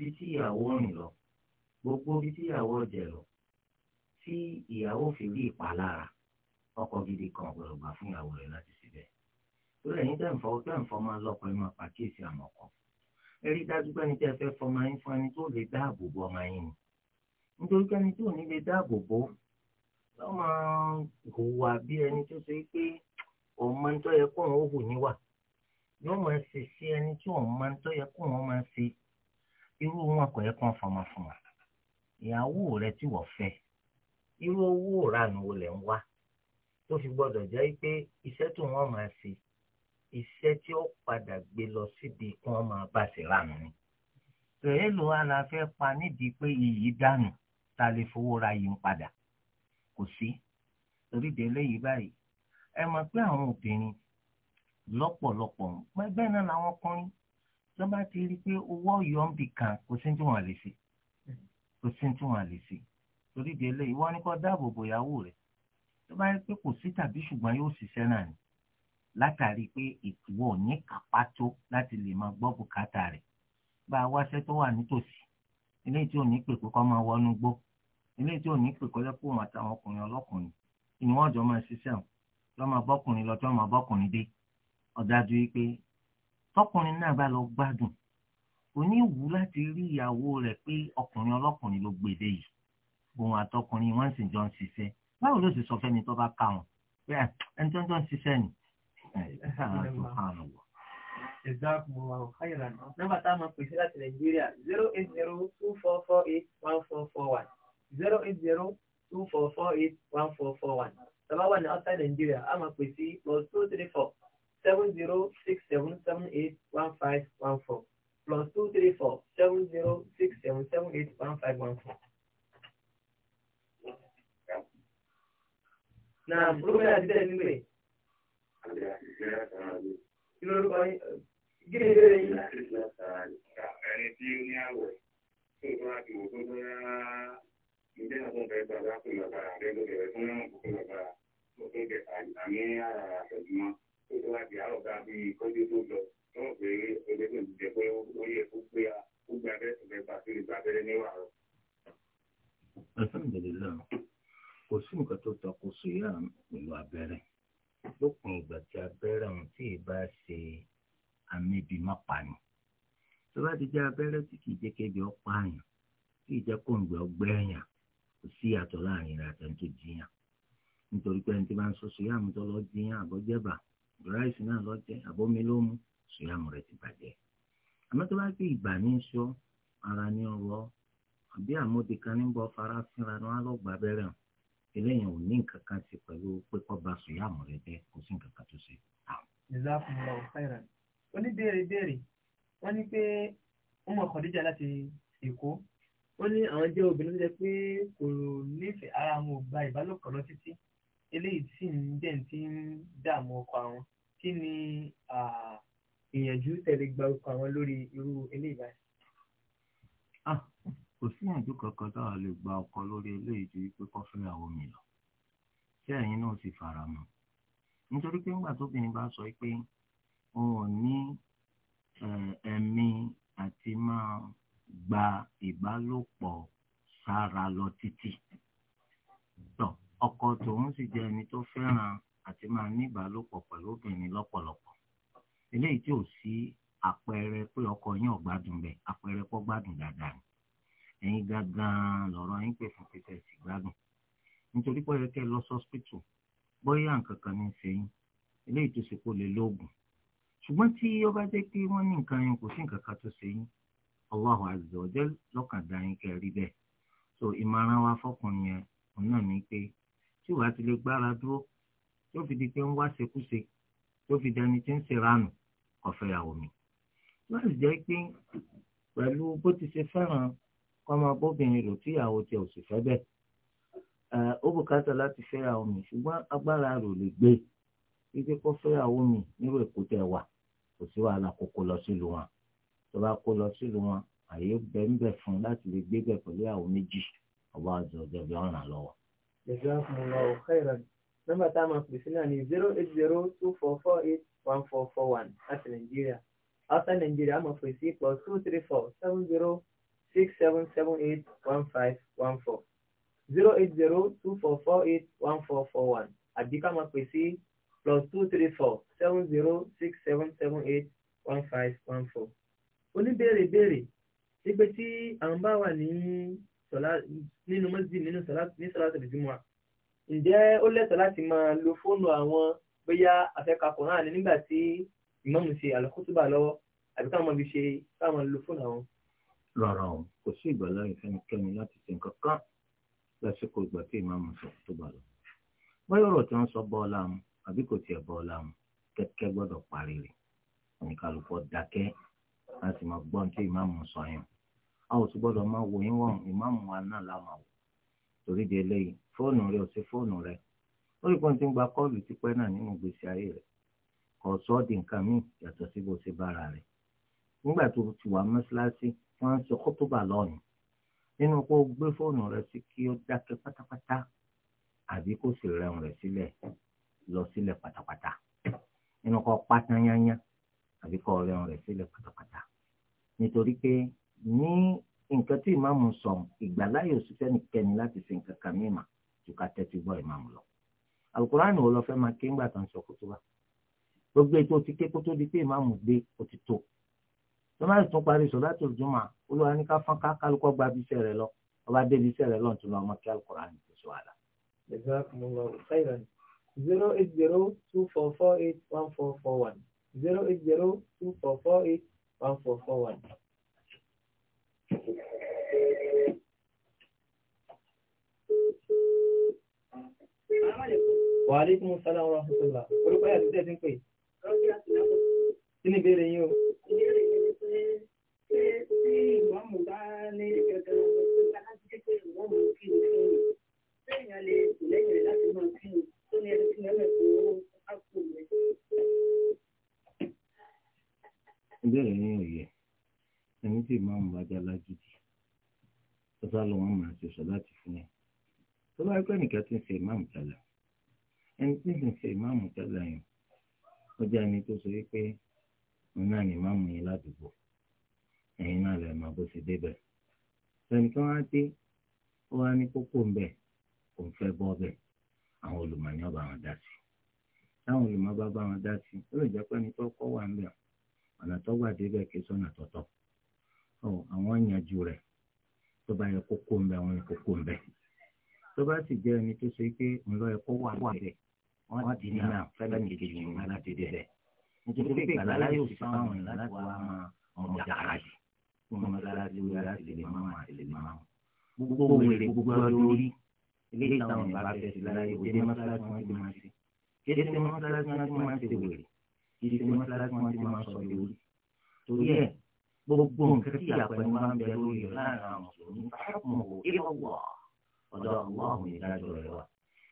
ibi tí ìyàwó rìn lọ gbogbo ibi tí ìyàwó jẹ lọ tí ìyàwó fi rí ìpalára ọkọ gidi kan gbọ́dọ̀ gbà fún ìyàwó rẹ̀ láti síbẹ̀ lórí ẹ̀yin tẹ́ ń fọ tẹ́ ń fọ máa lọ́kọ ẹ máa pàkíyèsí àmọ́ ọkọ ẹ rí dájú pé ẹni tẹ́ fẹ́ fọmọ yín fún ẹni tó lè dáàbò bo ọmọ yín ni nítorí pé ẹni tó ní lè dáàbò bo lọ́ máa hùwà bí ẹni tó ṣe pé òun máa ń tọ́ yẹ kó òun hù níwà yóò máa ṣe sí ẹni tí òun máa ń tọ́ yẹ kó òun máa ṣe irú wọn kò yẹ kán fọmọ fún ìyàwó rẹ tí wọ́n fẹ́ irú owó ìranù wo lẹ̀ ń wá tó fi gbọ́dọ̀ jẹ́ pé iṣẹ́ tó wọ́n máa ṣe iṣẹ́ tí ó padà gbé lọ síbi kí wọ́n máa bá ṣe ránù ni. èyí ló wá la fẹ́ pa nídìí pé iyì dànù ta lè fowó ra yìí ń padà kò sí torí délé yìí báyìí ẹ mọ̀ pé àwọn obìnrin lọ́pọ̀lọpọ̀ bẹ́ẹ̀ náà làwọn ọkùnrin tó bá ti rí i pé owó ọ̀yọ́ ń bì kan kò sí tí wọ́n lè ṣe kò sí tí wọ́n lè ṣe torí di eléyìí wọ́n ní kó dáàbò bo ìyàwó rẹ̀ tó bá rí i pé kò sí tàbí ṣùgbọ́n yóò ṣiṣẹ́ náà ni látàrí pé ìtúwọ́ ò ní kápá tó láti lè máa gbọ́ bùkátà rẹ̀ bá a wáṣẹ́ tó wà nítòsí eléyìí tí ò ní pè pé kó máa wọnú gbó eléyìí tí ò ní pè kó lẹ́pọ̀ òun àtàwọn ọkùnrin ọlọ́kùnrin ìníwọ́n jọ máa ṣiṣẹ́ ọ̀ tó bọ́kùnrin lọ máa bọ́kùnrin dé ọ̀dájú wípé tọkùnrin náà bá lọ gbádùn kò ní wù láti rí ìyàwó rẹ̀ pé ọkùnrin ọlọ́kùnrin ló gbèdé e yìí òun àtọkùnrin wọn sì jọ ń ṣiṣẹ́ báwo ló sì sọ fẹ́ni tó bá ká wọn pé ah, ẹni tó ń jọ ń ṣiṣẹ́ ni jazakumullahu khairan nọ́mbà tá a máa pèsè láti nàìjíríà zero eight zero two four four eight one four four one zero eight zero two four four eight one four four one tàbá wà ní outside nàìjíríà a máa pèsè plus two three four seven zero six seven seven eight one five one four plus two three four seven zero six seven seven eight one five one four. na olùkọ́ni àti tẹ́lẹ̀ nígbè. kí ló lórúkọ yín gírí ìbéèrè yín. ẹni tí ó ní àwẹ̀ tó ń bá ti wò tó bá fún bàbá rẹ̀ lórí rẹ̀ fún àwọn òkú bàbá tó àmì àrà àtẹ̀jùmọ́. tó tó láti àárọ̀ ká bí pé ẹgbẹ́ pé ó yẹ kó pé a ó gba abẹ́rẹ́ ìgbẹ́ bá sí ìgbà abẹ́rẹ́ alhamdulilayi kò sí tí abẹ́rẹ́ ọ̀hún tí ì bá ṣe má tó bá ti jẹ́ abẹ́rẹ́ tí kì í jẹ́ kébi ọ̀pá àyàn tí ì jẹ́ kóńgbẹ́ ọgbẹ́ àyàn kò sí ìyàtọ̀ láàrin ráìsì náà lọ jẹ àbómi ló mú sùyàmù rẹ ti bàjẹ́ àmọ́ tó bá gbé ìgbà ní sọ ara ní ọ̀rọ̀ àbí àmóde kan ní bọ fara fínra ní wọn lọ gbà bẹ̀rẹ̀ hàn eléyìí ò ní nǹkan kan ṣe pẹ̀lú pípọ́ ba sùyàmù rẹ jẹ kò sí nǹkan kan tó ṣe. jazakumullahu khairan oníbèrè bèrè wọn ní pé ó mọ Khadija láti Èkó ó ní àwọn jẹ́ obìnrin tó jẹ́ pé kò nífẹ̀ẹ́ ara wọn ò gba ìbálòpọ̀ lọ títí eléyìí sì ń dẹ̀ ti ń dààmú ọkọ àwọn kí ni ìyànjú tẹ̀lé gba ọkọ àwọn lórí irú eléyìí báyìí. kò sí ìyànjú kankan táwa lè gba ọkọ lórí eléyìí ju wípé kó fẹ́yàwó mi lọ tí ẹ̀yin náà sì fara mọ́ nítorí pé ńgbà tóbìnrin bá sọ pé òun ò ní ẹ̀mí àti máa gba ìbálòpọ̀ sára lọ títí. ọkọ tòun sì jẹ́ ẹni tó fẹ́ràn àti máa ní ìbálòpọ̀ pẹ̀lú obìnrin lọ́pọ̀lọpọ̀ eléyìí tí ò sí àpẹẹrẹ pé ọkọ yín ọ̀gbádùn bẹ̀ àpẹẹrẹ pọ̀ gbádùn dáadáa ni ẹ̀yin gangan lọ́rọ̀ yín pè fún pété gbádùn nítorí pé ẹ̀kẹ́ lọ sọ́spítù bóyá nǹkan kan ní í tó ṣe kó ṣùgbọ́n tí ó bá jẹ́ pé so ìmọ̀ràn wa fọkùnrin yẹn òun tí wàá ti lè gbára dúró tó fi di pé ń wá ṣekúṣe tó fi dání tí ń ṣèrànù ọ̀fẹ́yàwó mi. wọ́n sì jẹ́ pé pẹ̀lú bó ti ṣe fẹ́ràn kọ́mọbóbìnrin rò tíyàwó tiẹ̀ ò sì fẹ́ bẹ́ẹ̀ ó bùkátà láti fẹ́yàwó mi ṣùgbọ́n agbára rò lè gbé wípé kó fẹ́yàwó mi nírò èkó tẹ̀ wà kò sí wàhálà kókó lọ sílùú wọn tó bá kó lọ sílùú wọn àyè bẹ́ẹ̀ ń bẹ̀ fún láti lè gbé bẹ̀ pẹ̀lú ìyàwó méjì ọba àjọ ọjọ́ bí ọ̀ràn lọ́wọ́. Jazakumullahu khairan. Nọ́mbà tá a máa pè sí náà ni zero eight zero two four four eight one four four one láti Nàìjíríà. Outside Nàìjíríà a máa plus two three four seven zero six seven seven eight one five one four zero eight zero two four four eight one four four one àbí ká máa pè plus two three four seven zero six seven seven eight one five one four. Oníbèrè béèrè wípé tí à ń bá nínú mọ́sídìí nínú ní sàlátì ìjùmọ̀ ǹjẹ́ ó lẹ́tọ̀ọ́ láti máa lo fóònù àwọn bóyá afẹ́ka kọ̀ọ̀rán ni nígbà tí ìmáàmù ṣe àlọ́kútùbà lọ́wọ́ àbí káwọn fi ṣe káwọn lo fóònù àwọn. rárá o kò sí ìgbàláyè fẹ́nikẹ́ni láti ṣe nǹkan kan lásìkò ìgbà tí ìmáàmù sọ tó bá lọ báyọ̀ ọ̀rọ̀ tí wọ́n sọ bọ́ọ̀lá mu àbí kò tiẹ̀ bọ́ọ̀lá mu kẹ́kẹ́ gbọ́dọ̀ parí rẹ̀ oníkàlùfọ́ dákẹ́ láti máa gbọ́n tí ìmáàmù sọ yẹn a ò sì gbọ́dọ̀ máa wò yín wọ̀n ìmáàmù wa náà láwọn àwò torí di eléyìí fóònù rẹ ò sí fóònù rẹ ó rí pọ́n tí ń gba kọ́ọ̀lù tipẹ́ náà nínú ìgbésí ayé rẹ kò sọ ọ́ di nǹkan míì yàtọ̀ sí bó ṣe bára rẹ nígbà tó ti wà mọ́ṣáláṣí tí wọ́n ń sọ kótóbà lọ́rùn nínú kó gbé fóònù rẹ sí kí ó dákẹ́ pátápátá àbí kó sì rẹ̀hùn rẹ̀ sílẹ̀ lọ sílẹ̀ pátápátá nínú kó pátá yányá àbí kó rẹ̀hùn rẹ̀ sílẹ̀ pátápátá nítorí pé ní nǹkan tí ìmáàmù sọ ìgbàláyè òsì fẹ́nikẹ́ni láti ṣe nǹkan kan mímà ju ká tẹ́tí gbọ́ ìmáàmù lọ. alukuraan wo lọ fẹ́ máa ké ńgbà tó ń sọ kótó wa gbogbo ètò ti ké kótó di pé ìmáàmù gbé òtítọ́ tọ́mọ́lì tún parí sọ̀láàtò ìjùmọ̀ olúwa ní ká fọ́n ká kálukọ́ gba ibi iṣẹ́ rẹ lọ ọba débi iṣẹ́ rẹ lọ́n tún lọ ọmọ kí alukuraan tó sọ àlà. zero zero two four four eight one four four one zero zero two four four eight one four four one. Wa alaikum salam wa rahmatullah. Orúkọ yà ti tẹ́ sí ń pè. Kí ni ìbéèrè yín o? ni pé ṣé tí ìmọ̀mù bá ní gẹ́gẹ́ ọ̀gbọ̀n láti jẹ́ pé ìmọ̀mù kí ni kí ni? Ṣé èèyàn lè kù lẹ́yìn rẹ̀ ni? Tó ní ẹni tí mẹ́lẹ̀ kó á kù rẹ̀? Ìbéèrè yín ò yẹ. Ẹni tí ìmọ̀mù bá já lágídí, ó lọ wọ́n máa ṣe sọ láti fún ẹ. Tó bá rí pé nìkan ti ń ṣe ìmọ̀mù tẹ̀lẹ̀. ẹni tí kì ṣe ìmáàmù tẹ́lẹ̀ yẹn ó ẹni tó sọ wípé òun náà ni ìmáàmù yẹn ládùúgbò ẹ̀yin náà lẹ̀ máa bó ṣe débẹ̀ á dé ó wá ní ọba wọn dá sí táwọn bá bá wọn dá sí ó lè jẹ́ pé ẹni tó kọ́ wà ọ̀nà tó gbà débẹ̀ kí sọ́nà tọ̀tọ̀ àwọn rẹ̀ tó bá yẹ kókó àwọn tó bá sì jẹ́ ẹni tó wọ́n ti ní náà fẹ́lẹ́ ní kejì wọn láti dé bẹ́ẹ̀. nítorí pé ìgbàlá láyé òsì fáwọn èèyàn láti wá máa ọmọ jàkà sí fún ọmọ láti wí láti lè máa máa lè máa. gbogbo wèrè gbogbo lórí ilé ìtàwọn ìbá fẹ́ sí láyé òjé ní mọ́sálásí wọn ti máa ṣe. kí ẹsẹ̀ mọ́sálásí wọn ti máa ṣe wèrè kí ẹsẹ̀ mọ́sálásí wọn ti máa sọ lórí. torí ẹ̀ gbogbo nǹkan tí àpẹẹrẹ máa ń bẹ lórí rẹ̀ láàárín àwọn mùsùlùmí ọ̀dọ̀ ọlọ́run ìdájọ́ rẹ̀ wà.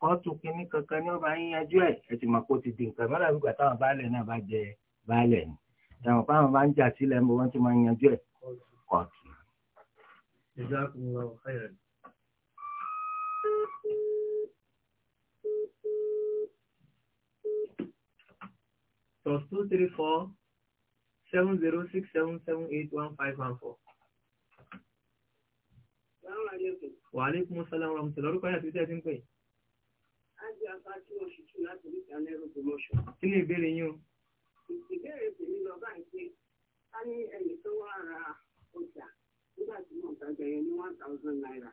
kóòtù kínní kankan ní ọba yín yanjú ẹ̀ ẹ sì mọ̀ kó ti di nǹkan mọ́tàbí gbà táwọn baálẹ̀ náà bá jẹ baálẹ̀ ni táwọn báwọn bá ń jà sílẹ̀ mo wọ́n ti máa yanjú ẹ̀ kóòtù. plus two three four seven zero six seven seven eight one five one four. Wa aleykum salaam wa rahmatulah. Orúkọ yàtí tẹ́ ti ń pè é aṣáájú oṣù tù láti ní ìdánilẹ́rù gbọmọṣọ. kí ni ìbéèrè yín o. ìbéèrè tèmi lọ báyìí pé ká ní ẹnì tó wá ra ọjà nígbà tí mo gbàgbé yẹn ní one thousand naira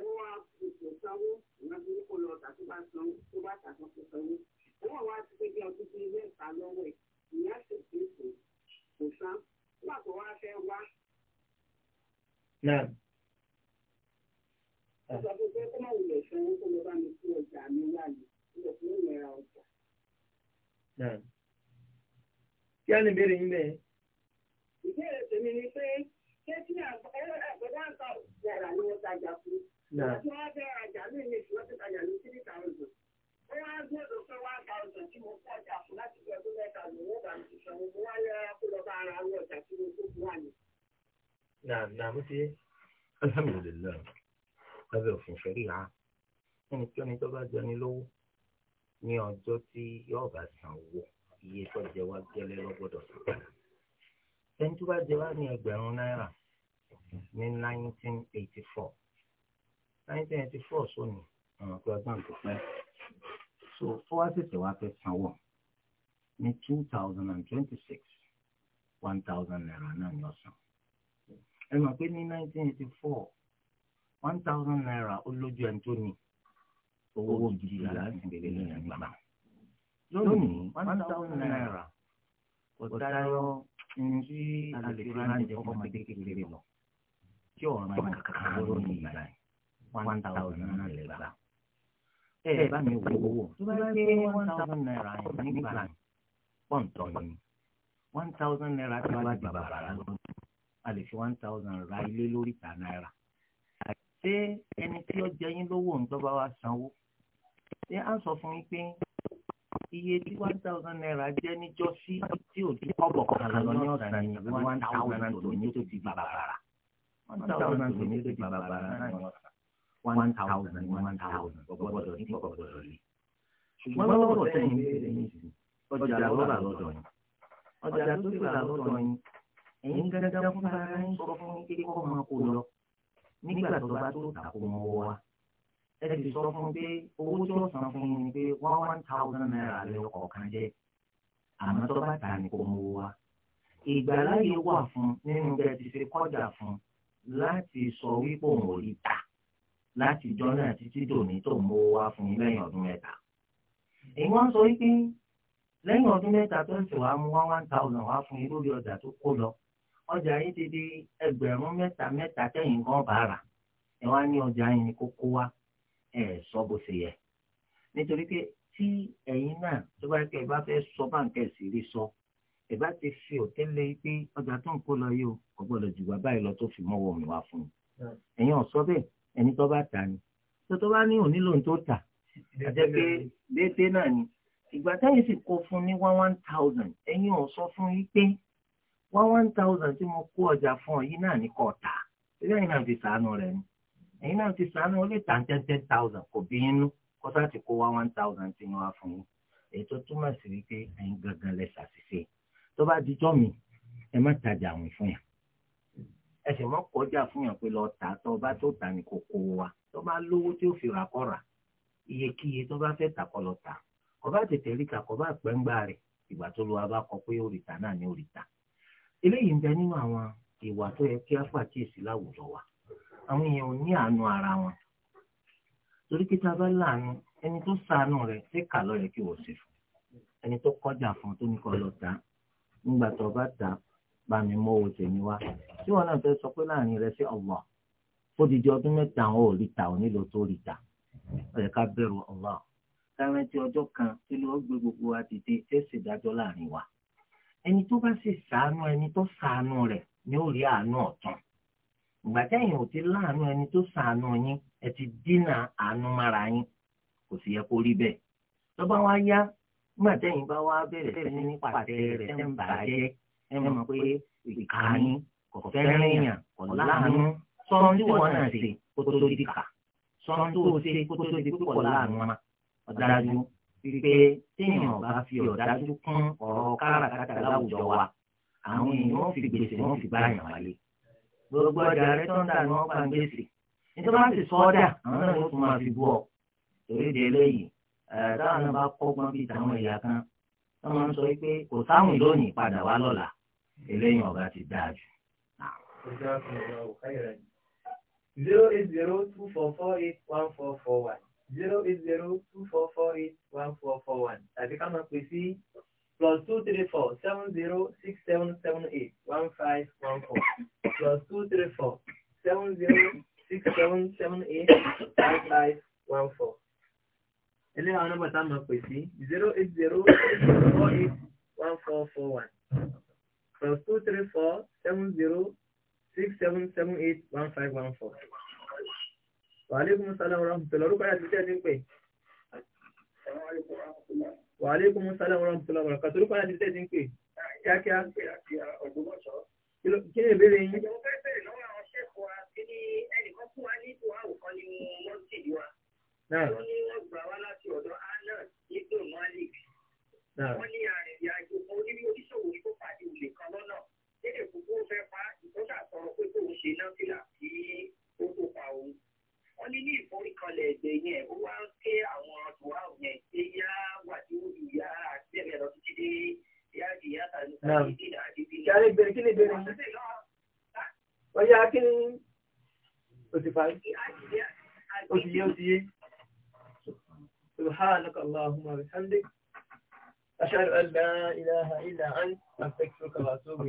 ó wá kò sanwó ìyá ní kó lọ ọ̀tà tó bá san tó bá tà tó kó sanwó owó wa ti pé ọdún tó ilé ìta lọ́wọ́ ẹ̀ ìyá sì pé kò san nígbà tó wá fẹ́ wá. náà ọ̀sán kí á lè béèrè yín bẹ́ẹ̀. ìbéèrè tèmi ni pé ṣé kí àgbẹ̀dá àgbà yàrá ni wọ́n tajà fún. wọ́n wá bẹ àjà mi ìṣúná tó tajà ní three thousand. wọ́n wá gbé ọ̀dọ̀ pé one thousand tí mo kọ́ ọjà fún láti fi ọdún mẹ́ta lò wọ́n bá mi ti sanwó. mo wá yẹra kó lọ bá ara àwọn ọjà tí mo tó fún wa ni. Naam, naam, ó ti yé lábẹ́ òfin ṣẹ̀ríà ẹnikẹ́ni tó bá jẹni lówó ní ọjọ́ tí yóò bá sanwó iye tó jẹ wá gẹ́lẹ́ lọ́gbọ́dọ̀ sí padà ẹni tó bá jẹ wá ní ẹgbẹ̀rún náírà ní nineteen eighty four nineteen eighty four sóni ọ̀nà tó ẹgbẹ́ tó pẹ́ so fọwọ́ tètè wá fẹ́ sanwó ní two thousand and twenty six one thousand naira náà ni ọ̀sán ẹ mọ̀ pé ní nineteen eighty four one thousand naira ó lójú ẹni tó ní owó gidi láti bèrè lẹ́yìn àgbàlá lónìí one thousand naira kò tayọ ní alèkúránì ọmọdé kékeré lọ tí ọ̀ràn kankan lórí ìgbà yìí one thousand naira lè gbà ẹ bá mi wò owó tó bá dé one thousand naira yẹn nígbà yìí pọ̀ǹtọ̀ yìí one thousand naira tí wàá di bàbàrà lọ a lè fi one thousand ra ilé lórí ìta náírà ṣé ẹni tí ó jẹ yín lówó ń dọ́ba wa sanwó ṣé à ń sọ fún yín pé iye tí one thousand naira jẹ́ níjọ́ sí tí ò di kọ́bọ̀ kan lọ ní ọ̀sán yìí one thousand tó ní tó ti gbà bàbàrà one thousand tó ní tó ti gbà bàbàrà náà ní ọ̀sán one thousand one thousand gbọ́dọ̀ ní gbọ́dọ̀ rí. ṣùgbọ́n lọ́wọ́ sẹ́yìn bẹ́ẹ̀ ní ìsìn ọjà lọ́wọ́ lọ́dọ̀ yìí ọjà tó ti gbà lọ́dọ̀ yìí ẹ̀yin gẹ́gẹ́ fúnra yín sọ fún kíkọ́ máa kó lọ nígbà tó bá tó tàkó mọ́ wa ẹ ti sọ fún pé owó tí wọ́n san fún mi pé one one thousand naira lè ọ̀kan jẹ́ àmọ́ tó bá tà ní kó mọ́ wa ìgbàláyè wà fún nínú bẹ́ẹ̀ ti fi kọjá fún láti sọ wípé òun ò rí ta láti jọ náà títí dòní tó mọ́ wa fún yín lẹ́yìn ọdún mẹ́ta ìwọ́n sọ wípé lẹ́yìn ọdún mẹ́ta tó ń tẹ̀ wá mú one one thousand wá fún yín lórí ọjà tó kó lọ ọjà yín ti di ẹgbẹ̀rún mẹ́ta mẹ́ta tẹ̀yìn gan bàárà ẹ wá ní ọjà yín kókó wá ẹ sọ bó ṣe yẹ nítorí pé tí ẹ̀yin náà tó bá kẹ́ ẹ bá fẹ́ sọ báǹkì ẹ̀sìn rí sọ ẹ bá ti fi òtẹ́lẹ̀ pé ọjà tó ń kó lọ yìí kò gbọ́dọ̀ jù bàbá yìí lọ tó fi mọ́wọ́ mi wá fún un ẹ̀yin ọ̀sọ́ bẹ́ẹ̀ ẹni tó bá tà ni tó tó bá ní òní lòun tó tà àjẹ́ pé déédéé náà ni ìgbà táyì one thousand ẹ̀yin ọ̀sọ́ fún yí pé one one thousand tí mo kó ọjà fún ọ yìí náà ní kò tà síbẹ̀ yìí náà ti sànù rẹ̀ ni ẹ̀yin náà ti sànù ó lè tà ten ten thousand kò bí inú kó sá ti kó one one thousand tí wọ́n á fún yín èyí tó túmọ̀ sí wípé ẹ̀yin gangan lẹ ṣàṣìṣe tó bá dijọ́ mi ẹ má tajà àwìn fún yàn ẹ sì mọ́ kọjá fún yàn pé lọ tà tó bá tó tà ní kò kó wa tó bá lówó tí ó fi rà kọ́ rà iyekíye tó bá fẹ́ tà kọ́ lọ tà kọ́ bá tètè ríkà kọ́ bá pẹ́ ń gbà rẹ̀ ìgbà tó lu abá kọ pé ó rìtà náà ni ó rìtà eléyìí ń bẹ nínú àwọn ìwà tó yẹ kí á pàkíyèsí láwùjọ wa àwọn èèyàn ò ní àánú ara wọn torí pé tá a bá láàánú ẹni tó sànù rẹ ṣé kà lọ yẹ kí wọ́n ṣe fún ẹni tó kọjá fún tó ní kọ́ lọ tà nígbà tó bá tà bá mi mọ owó tèmi wá tí wọn náà fẹ́ sọ pé láàrin rẹ sí Allah ó di di ọdún mẹ́ta àwọn ò rí ta ò nílò tó rí ta ó yẹ ká bẹ̀rù Allah ká rántí ọjọ́ kan tí ló gbé gbogbo wa dìde ṣèdájọ́ láàrin wa ẹni tó bá sì sàánú ẹni tó sàánú rẹ̀ ni ó rí àánú ọ̀tún ìgbà tẹ́yìn ò ti láàánú ẹni tó sàánú yín ẹ ti dínà àánú mára yín kò sì yẹ kó rí bẹ́ẹ̀ tó bá wá yá nígbà tẹ́yìn bá wá bẹ̀rẹ̀ sí ní pàtẹ rẹ̀ ẹ̀ ń bàjẹ́ ẹ mọ̀ pé ìka yín kò fẹ́ràn kò láàánú sọ́nà tí wọ́n náà ṣe kó tó di kà sọ́nà tó ṣe kó tó di pípọ̀ láàánú ma pé téèyàn bá fi ọ̀dájú kún ọ̀rọ̀ káràkátà láwùjọ wa àwọn èèyàn wọ́n fi gbèsè wọ́n fi báyàn wáyé gbogbo ọjà rẹ tó ń dà ní wọ́n bá ń gbèsè nítorí wọ́n ti sọ ọ́dà àwọn náà ló tún máa fi bú ọ torí de eléyìí táwọn náà bá kọ́gbọ́n bíi táwọn ẹ̀yà kan wọ́n máa ń sọ pé kò sáwìn lónìí padà wá lọ́la eléyìí ọ̀gá ti dáa jù. zero eight zero two four four eight one four four one zero eight zero two four four eight one four four one tàbí ká máa pè sí plus two three four seven zero six seven seven eight one five one four plus two three four seven zero six seven seven eight one five one four. eléyà àwọn nọ́mbà tá a máa pè sí zero eight zero two four eight one four four one plus two three four seven zero six seven seven eight one five one four. Wàhálẹ́kùn sálẹ̀ ọ̀rọ̀mùtọ́lá orúkọ yà ti tẹ́ ní pé. Wàhálẹ́kùn sálẹ̀ ọ̀rọ̀mùtọ́lá orúkọ orúkọ yà ti tẹ́ ní pé. Kíákíá. Kí ni ìbéèrè yín? Ìjọba fẹ́ bẹ̀rẹ̀ lọ́wọ́ àwọn ṣẹ́kọ̀ọ́ wa kí ni ẹnìkan fún wa ní ìtò àwòkọ́ ni wọ́n ti di wa. Wọ́n ní wọ́n gbà wá láti ọ̀dọ̀ Anas Ibn Malik. Wọ́n ní arìnrìn àjò kan oníbi oníṣòwò tó pàdé òlè kan lọ́nà. Délé kúkú fẹ́ pa ìtọ́jà sọ̀rọ̀ pé kò ń ṣe náà fìlà sí ó tó pa òun wọ́n ní ní ìforíkanlẹ̀ ẹ̀gbẹ́ yẹn ó wá ń ké àwọn tòwáù yẹn pé yá wà tí ó lù yá àti ẹ̀rẹ̀ lọ títí dé yá di yá tàbí tàbí dìnnà àti dìnnà. yàrá ìbéèrè kí ni ìbéèrè yìí wọ́n yá kí ni o ti parí o ti yé o ti yé subhanaka allahumma wa bihamdik ashhadu ilaha illa anta astaghfiruka wa atubu